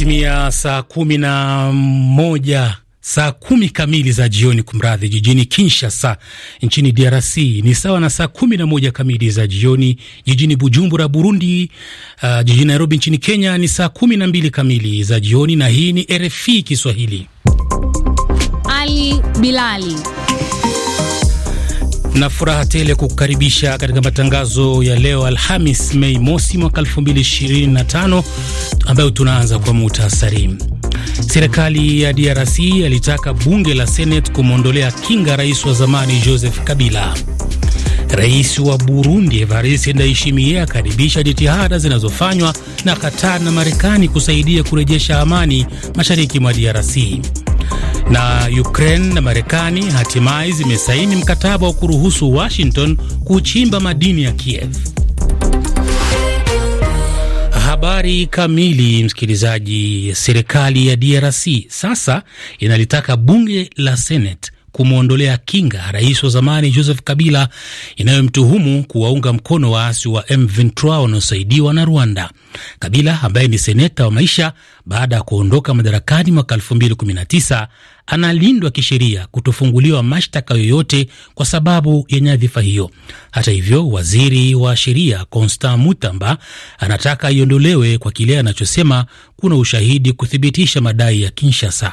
Imetimia saa kumi na moja saa kumi kamili za jioni, kumradhi, jijini Kinshasa nchini DRC ni sawa na saa kumi na moja kamili za jioni jijini Bujumbura, Burundi. Uh, jijini Nairobi nchini Kenya ni saa kumi na mbili kamili za jioni, na hii ni RFI Kiswahili. Ali Bilali na furaha tele kukukaribisha katika matangazo ya leo Alhamis, Mei mosi mwaka 2025, ambayo tunaanza kwa muhtasari. Serikali ya DRC alitaka bunge la Senate kumwondolea kinga rais wa zamani Joseph Kabila. Rais wa Burundi Evariste Ndayishimiye akaribisha jitihada zinazofanywa na Katar na Marekani kusaidia kurejesha amani mashariki mwa DRC. Na Ukraine na Marekani hatimaye zimesaini mkataba wa kuruhusu Washington kuchimba madini ya Kiev. Habari kamili, msikilizaji. Serikali ya DRC sasa inalitaka bunge la Senate kumwondolea kinga rais wa zamani Joseph Kabila inayomtuhumu kuwaunga mkono waasi wa M23 wanaosaidiwa na Rwanda. Kabila ambaye ni seneta wa maisha baada ya kuondoka madarakani mwaka 2019 analindwa kisheria kutofunguliwa mashtaka yoyote kwa sababu ya nyadhifa hiyo. Hata hivyo, waziri wa sheria Constant Mutamba anataka iondolewe kwa kile anachosema kuna ushahidi kuthibitisha madai ya Kinshasa.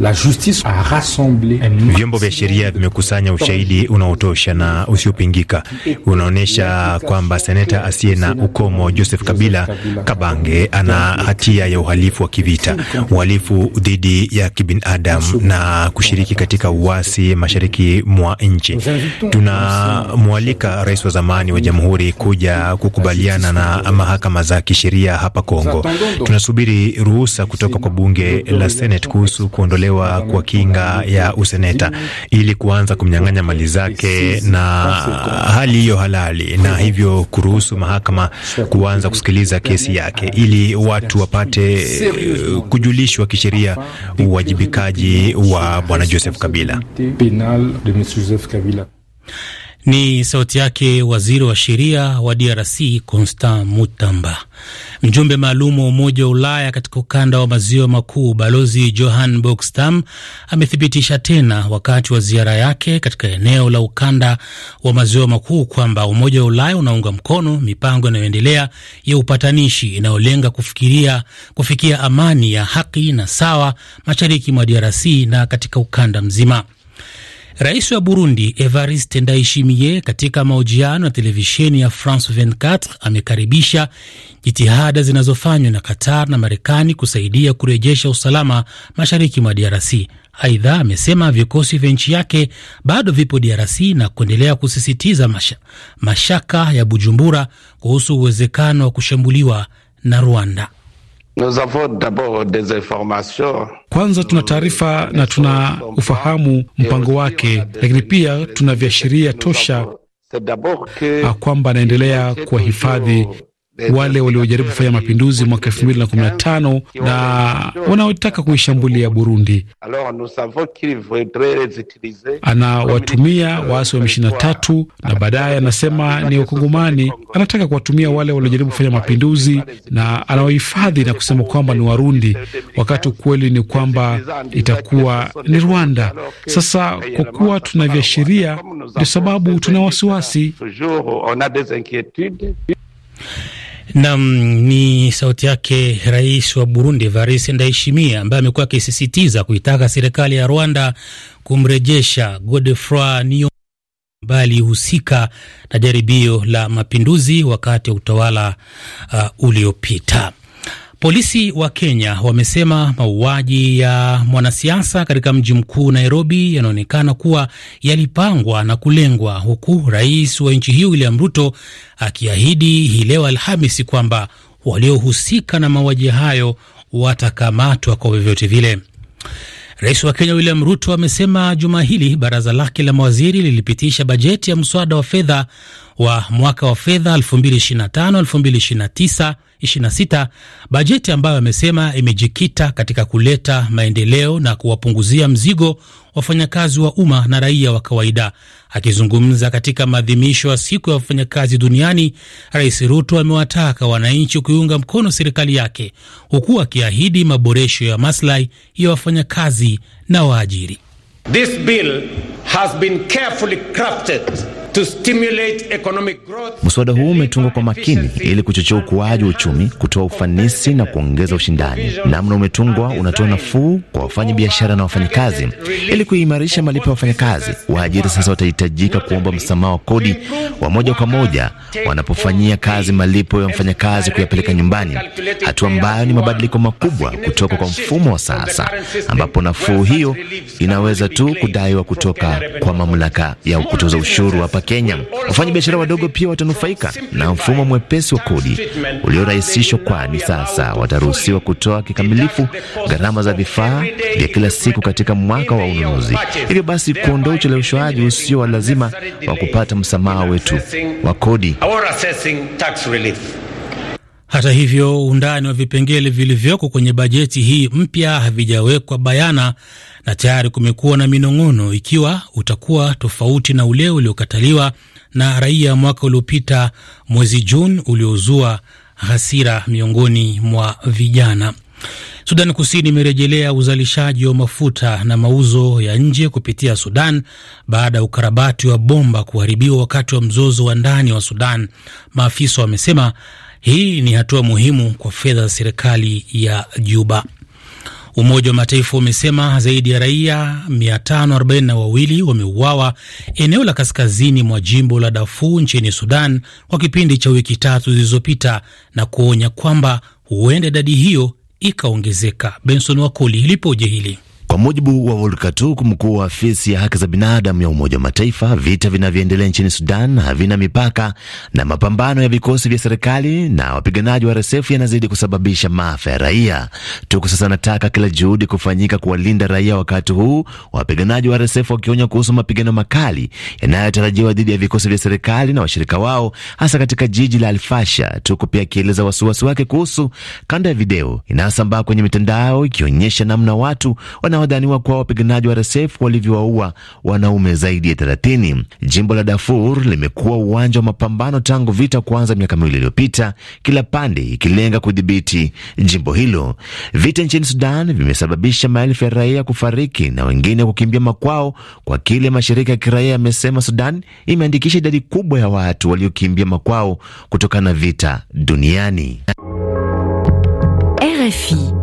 La justice a rassemble. Vyombo vya sheria vimekusanya ushahidi unaotosha na usiopingika unaonyesha kwamba seneta asiye na ukomo Joseph Kabila Kabange ana hatia ya uhalifu wa kivita, uhalifu dhidi ya kibinadamu na kushiriki katika uasi mashariki mwa nchi. Tunamwalika rais wa zamani wa jamhuri kuja kukubaliana na mahakama za kisheria hapa Kongo. Tunasubiri ruhusa kutoka kwa bunge la Senate kuhusu kuondolewa kutolewa kwa kinga ya useneta ili kuanza kumnyang'anya mali zake na hali hiyo halali, na hivyo kuruhusu mahakama kuanza kusikiliza kesi yake ili watu wapate eh, kujulishwa kisheria uwajibikaji wa bwana Joseph Kabila. Ni sauti yake waziri wa sheria wa DRC Constant Mutamba. Mjumbe maalum wa Umoja wa Ulaya katika ukanda wa maziwa makuu Balozi Johan Bogstam amethibitisha tena wakati wa ziara yake katika eneo la ukanda wa maziwa makuu kwamba Umoja wa Ulaya unaunga mkono mipango inayoendelea ya upatanishi inayolenga kufikiria kufikia amani ya haki na sawa mashariki mwa DRC na katika ukanda mzima. Rais wa Burundi Evariste Ndayishimiye katika mahojiano ya televisheni ya France 24 amekaribisha jitihada zinazofanywa na Qatar na Marekani kusaidia kurejesha usalama mashariki mwa DRC. Aidha, amesema vikosi vya nchi yake bado vipo DRC na kuendelea kusisitiza masha, mashaka ya Bujumbura kuhusu uwezekano wa kushambuliwa na Rwanda. Kwanza tuna taarifa na tuna ufahamu mpango wake, lakini pia tuna viashiria tosha kwamba anaendelea kuwahifadhi wale waliojaribu kufanya mapinduzi mwaka elfu mbili na kumi na tano na wanaotaka kuishambulia Burundi. Anawatumia waasi wa M23 na baadaye anasema ni Wakongomani. Anataka kuwatumia wale waliojaribu kufanya mapinduzi na anawahifadhi na kusema kwamba ni Warundi, wakati ukweli ni kwamba itakuwa ni Rwanda. Sasa kwa kuwa tuna viashiria, ndio sababu tuna wasiwasi. Nam ni sauti yake rais wa Burundi Evariste Ndayishimiye ambaye amekuwa akisisitiza kuitaka serikali ya Rwanda kumrejesha Godefroid Niyo ambaye alihusika na jaribio la mapinduzi wakati wa utawala uh, uliopita. Polisi wa Kenya wamesema mauaji ya mwanasiasa katika mji mkuu Nairobi yanaonekana kuwa yalipangwa na kulengwa, huku rais wa nchi hiyo William Ruto akiahidi hii leo Alhamisi kwamba waliohusika na mauaji hayo watakamatwa kwa vyovyote vile. Rais wa Kenya William Ruto amesema juma hili baraza lake la mawaziri lilipitisha bajeti ya mswada wa fedha wa mwaka wa fedha 2025 26, bajeti ambayo amesema imejikita katika kuleta maendeleo na kuwapunguzia mzigo wafanyakazi wa umma na raia wa kawaida. Akizungumza katika maadhimisho ya siku ya wafanyakazi duniani, Rais Ruto amewataka wananchi kuiunga mkono serikali yake huku akiahidi maboresho ya maslahi ya wafanyakazi na waajiri. This bill has been carefully crafted Mswada huu umetungwa kwa makini ili kuchochea ukuaji wa uchumi, kutoa ufanisi na kuongeza ushindani. Namna umetungwa unatoa nafuu kwa wafanya biashara na wafanyakazi, ili kuimarisha malipo ya wafanyakazi. Waajiri sasa watahitajika kuomba msamaha wa kodi wa moja kwa moja wanapofanyia kazi malipo ya mfanyakazi kuyapeleka nyumbani, hatua ambayo ni mabadiliko makubwa kutoka kwa mfumo wa sasa, ambapo nafuu hiyo inaweza tu kudaiwa kutoka kwa mamlaka ya kutoza ushuru hapa Wakenya. Wafanyabiashara wadogo pia watanufaika na mfumo mwepesi wa kodi uliorahisishwa, kwani sasa wataruhusiwa kutoa kikamilifu gharama za vifaa vya kila siku katika mwaka wa ununuzi, hivyo basi kuondoa ucheleweshwaji usio wa lazima wa kupata msamaha wetu wa kodi. Hata hivyo, undani wa vipengele vilivyoko kwenye bajeti hii mpya havijawekwa bayana na tayari kumekuwa na minong'ono ikiwa utakuwa tofauti na ule uliokataliwa na raia mwaka uliopita mwezi Juni uliozua hasira miongoni mwa vijana. Sudan Kusini imerejelea uzalishaji wa mafuta na mauzo ya nje kupitia Sudan baada ya ukarabati wa bomba kuharibiwa wakati wa mzozo wa ndani wa Sudan, maafisa wamesema, hii ni hatua muhimu kwa fedha za serikali ya Juba. Umoja wa Mataifa umesema zaidi ya raia 542 wameuawa eneo la kaskazini mwa jimbo la dafu nchini Sudan kwa kipindi cha wiki tatu zilizopita, na kuonya kwamba huenda idadi hiyo ikaongezeka. Benson Wakoli, lipoje hili? Kwa mujibu wa Volker mkuu wa afisi ya haki za binadamu ya Umoja wa Mataifa, vita vinavyoendelea nchini Sudan havina mipaka na mapambano ya vikosi vya serikali na wapiganaji wa RSF yanazidi kusababisha maafa ya raia. tuku sasa anataka kila juhudi kufanyika kuwalinda raia, wakati huu wapiganaji wa RSF wakionya kuhusu mapigano makali yanayotarajiwa dhidi ya vikosi vya serikali na washirika wao, hasa katika jiji la Alfasha. Turk pia akieleza wasiwasi wake kuhusu kanda ya video inayosambaa kwenye mitandao ikionyesha namna watu wana wanaodhaniwa kuwa wapiganaji wa RSF walivyowaua wanaume zaidi ya 30. Jimbo la Darfur limekuwa uwanja wa mapambano tangu vita kuanza miaka miwili iliyopita, kila pande ikilenga kudhibiti jimbo hilo. Vita nchini Sudan vimesababisha maelfu ya raia kufariki na wengine kukimbia makwao, kwa kile mashirika ya kiraia yamesema. Sudan imeandikisha idadi kubwa ya watu waliokimbia makwao kutokana na vita duniani. RFI.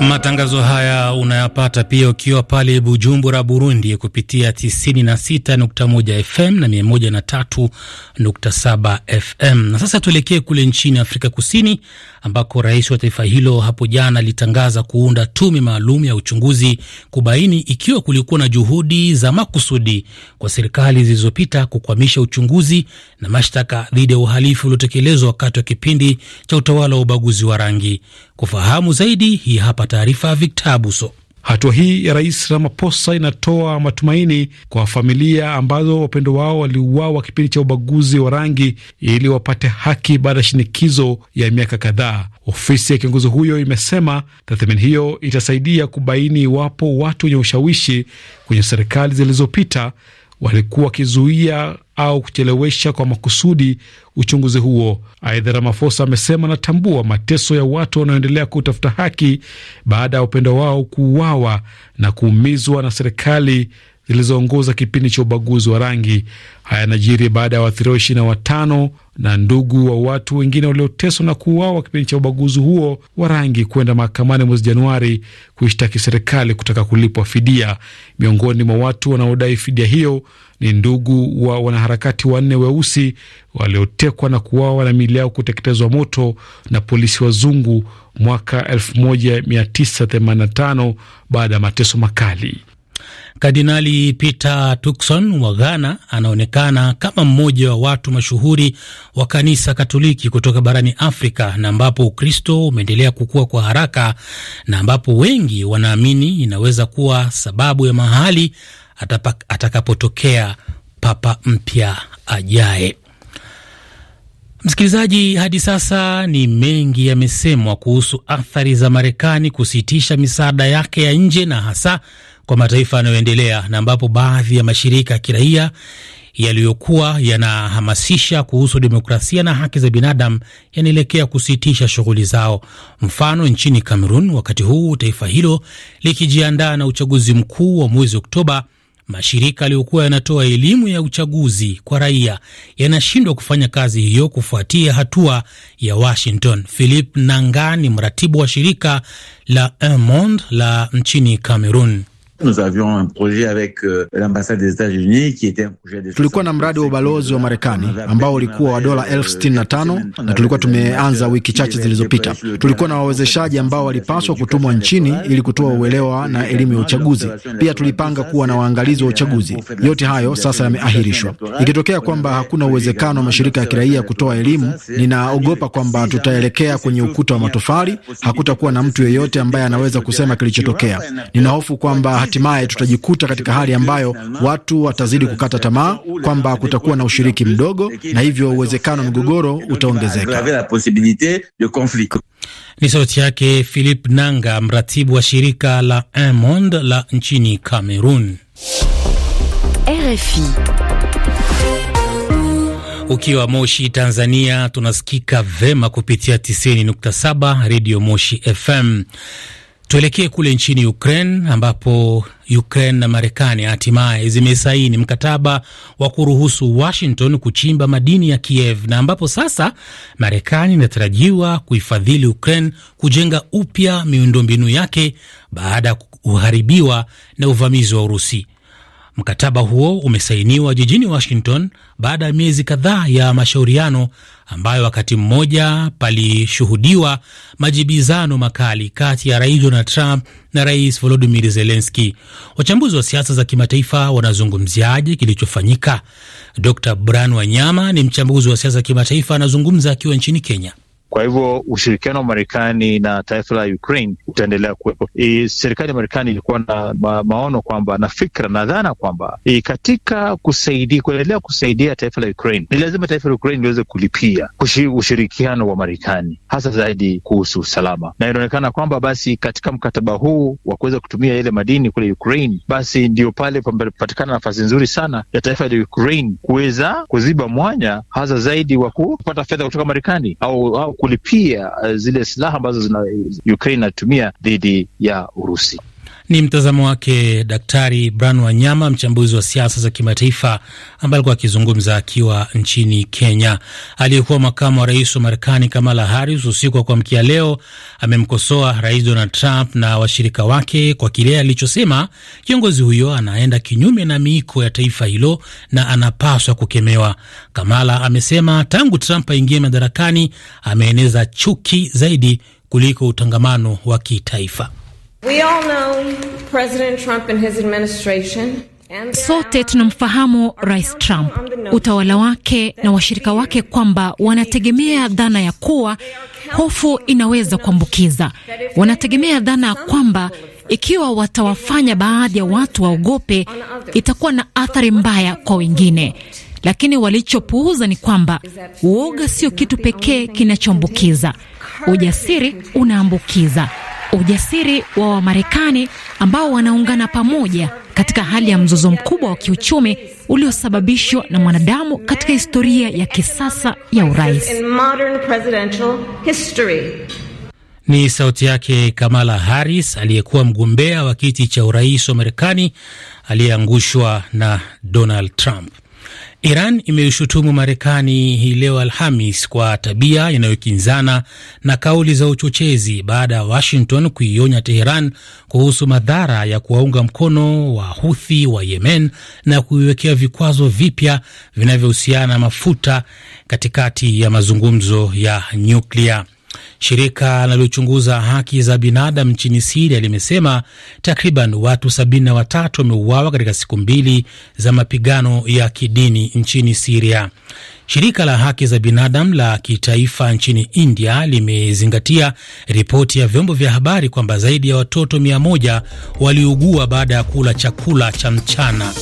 Matangazo haya unayapata pia ukiwa pale Bujumbura, Burundi, kupitia 96.1 FM na 103.7 FM. Na sasa tuelekee kule nchini Afrika Kusini, ambako rais wa taifa hilo hapo jana alitangaza kuunda tume maalum ya uchunguzi kubaini ikiwa kulikuwa na juhudi za makusudi kwa serikali zilizopita kukwamisha uchunguzi na mashtaka dhidi ya uhalifu uliotekelezwa wakati wa kipindi cha utawala wa ubaguzi wa rangi. Kufahamu zaidi, hii hapa taarifa ya Victor Abuso. Hatua hii ya Rais Ramaphosa inatoa matumaini kwa familia ambazo wapendo wao waliuawa kipindi cha ubaguzi wa rangi ili wapate haki baada ya shinikizo ya miaka kadhaa. Ofisi ya kiongozi huyo imesema tathmini hiyo itasaidia kubaini iwapo watu wenye ushawishi kwenye serikali zilizopita walikuwa wakizuia au kuchelewesha kwa makusudi uchunguzi huo. Aidha, Ramafosa amesema anatambua mateso ya watu wanaoendelea kutafuta haki baada ya upendo wao kuuawa na kuumizwa na serikali zilizoongoza kipindi cha ubaguzi wa rangi. Haya yanajiri baada ya waathiriwa ishirini na watano na ndugu wa watu wengine walioteswa na kuuawa kipindi cha ubaguzi huo wa rangi kwenda mahakamani mwezi Januari kuishtaki serikali kutaka kulipwa fidia. Miongoni mwa watu wanaodai fidia hiyo ni ndugu wa wanaharakati wanne weusi waliotekwa na kuuawa na miili yao kuteketezwa moto na polisi wazungu mwaka 1985 baada ya mateso makali. Kardinali Peter Tukson wa Ghana anaonekana kama mmoja wa watu mashuhuri wa kanisa Katoliki kutoka barani Afrika na ambapo Ukristo umeendelea kukua kwa haraka na ambapo wengi wanaamini inaweza kuwa sababu ya mahali atakapotokea papa mpya ajaye. Msikilizaji, hadi sasa ni mengi yamesemwa kuhusu athari za Marekani kusitisha misaada yake ya nje na hasa kwa mataifa yanayoendelea na ambapo baadhi ya mashirika ya kiraia yaliyokuwa yanahamasisha kuhusu demokrasia na haki za binadamu yanaelekea kusitisha shughuli zao. Mfano, nchini Cameroon, wakati huu taifa hilo likijiandaa na uchaguzi mkuu wa mwezi Oktoba, mashirika yaliyokuwa yanatoa elimu ya uchaguzi kwa raia yanashindwa kufanya kazi hiyo kufuatia hatua ya Washington. Philip Nanga ni mratibu wa shirika la Un Monde la nchini Cameroon. Nous avions un projet avec euh, l'ambassade des États-Unis qui était un projet de tulikuwa na mradi wa ubalozi wa Marekani ambao ulikuwa wa dola elfu sitini na tano na tulikuwa tumeanza wiki chache zilizopita. Tulikuwa na wawezeshaji ambao walipaswa kutumwa nchini ili kutoa uelewa na elimu ya uchaguzi. Pia tulipanga kuwa na waangalizi wa uchaguzi. Yote hayo sasa yameahirishwa. Ikitokea kwamba hakuna uwezekano wa mashirika ya kiraia kutoa elimu, ninaogopa kwamba tutaelekea kwenye ukuta wa matofali. Hakutakuwa na mtu yeyote ambaye anaweza kusema kilichotokea. Ninahofu kwamba hatimaye tutajikuta katika hali ambayo watu watazidi kukata tamaa kwamba kutakuwa na ushiriki mdogo na hivyo uwezekano wa migogoro utaongezeka. Ni sauti yake Philip Nanga, mratibu wa shirika la Un Monde la nchini Cameroon. RFI ukiwa Moshi, Tanzania, tunasikika vema kupitia 90.7 redio Moshi FM. Tuelekee kule nchini Ukraine ambapo Ukraine na Marekani hatimaye zimesaini mkataba wa kuruhusu Washington kuchimba madini ya Kiev na ambapo sasa Marekani inatarajiwa kuifadhili Ukraine kujenga upya miundombinu yake baada ya kuharibiwa na uvamizi wa Urusi. Mkataba huo umesainiwa jijini Washington baada ya miezi kadhaa ya mashauriano ambayo wakati mmoja palishuhudiwa majibizano makali kati ya Rais Donald Trump na Rais Volodimir Zelenski. Wachambuzi wa siasa za kimataifa wanazungumziaje kilichofanyika? Dr Bran Wanyama ni mchambuzi wa siasa za kimataifa, anazungumza akiwa nchini Kenya. Kwa hivyo ushirikiano wa Marekani na taifa la Ukraine utaendelea kuwepo. E, serikali ya Marekani ilikuwa na ma maono kwamba na fikra na dhana kwamba e, katika kusaidia kuendelea kusaidia taifa la Ukraine ni lazima taifa la Ukraine liweze kulipia ushirikiano wa Marekani, hasa zaidi kuhusu usalama, na inaonekana kwamba basi katika mkataba huu wa kuweza kutumia yale madini kule Ukraine, basi ndio pale pamepatikana nafasi nzuri sana ya taifa la Ukraine kuweza kuziba mwanya hasa zaidi wa kupata fedha kutoka Marekani au, au kulipia eh, zile silaha ambazo Ukraine inatumia dhidi ya Urusi. Ni mtazamo wake Daktari Bran Wanyama, mchambuzi wa siasa za kimataifa, ambaye alikuwa akizungumza akiwa nchini Kenya. Aliyekuwa makamu wa rais wa Marekani Kamala Harris usiku wa kuamkia leo amemkosoa Rais Donald Trump na washirika wake kwa kile alichosema kiongozi huyo anaenda kinyume na miiko ya taifa hilo na anapaswa kukemewa. Kamala amesema tangu Trump aingie madarakani ameeneza chuki zaidi kuliko utangamano wa kitaifa. Sote tunamfahamu Rais Trump, utawala wake na washirika wake kwamba wanategemea dhana ya kuwa hofu inaweza kuambukiza. Wanategemea dhana ya kwamba ikiwa watawafanya baadhi ya watu waogope, itakuwa na athari mbaya kwa wengine. Lakini walichopuuza ni kwamba uoga sio kitu pekee kinachoambukiza. Ujasiri unaambukiza ujasiri wa Wamarekani ambao wanaungana pamoja katika hali ya mzozo mkubwa wa kiuchumi uliosababishwa na mwanadamu katika historia ya kisasa ya urais. Ni sauti yake Kamala Harris, aliyekuwa mgombea wa kiti cha urais wa Marekani aliyeangushwa na Donald Trump. Iran imeishutumu Marekani hii leo Alhamis kwa tabia inayokinzana na kauli za uchochezi baada ya Washington kuionya Teheran kuhusu madhara ya kuwaunga mkono wa Huthi wa Yemen na kuiwekea vikwazo vipya vinavyohusiana na mafuta katikati ya mazungumzo ya nyuklia. Shirika linalochunguza haki za binadamu nchini Siria limesema takriban watu 73 wameuawa katika siku mbili za mapigano ya kidini nchini Siria. Shirika la haki za binadamu la kitaifa nchini India limezingatia ripoti ya vyombo vya habari kwamba zaidi ya watoto 1 waliugua baada ya kula chakula cha mchana.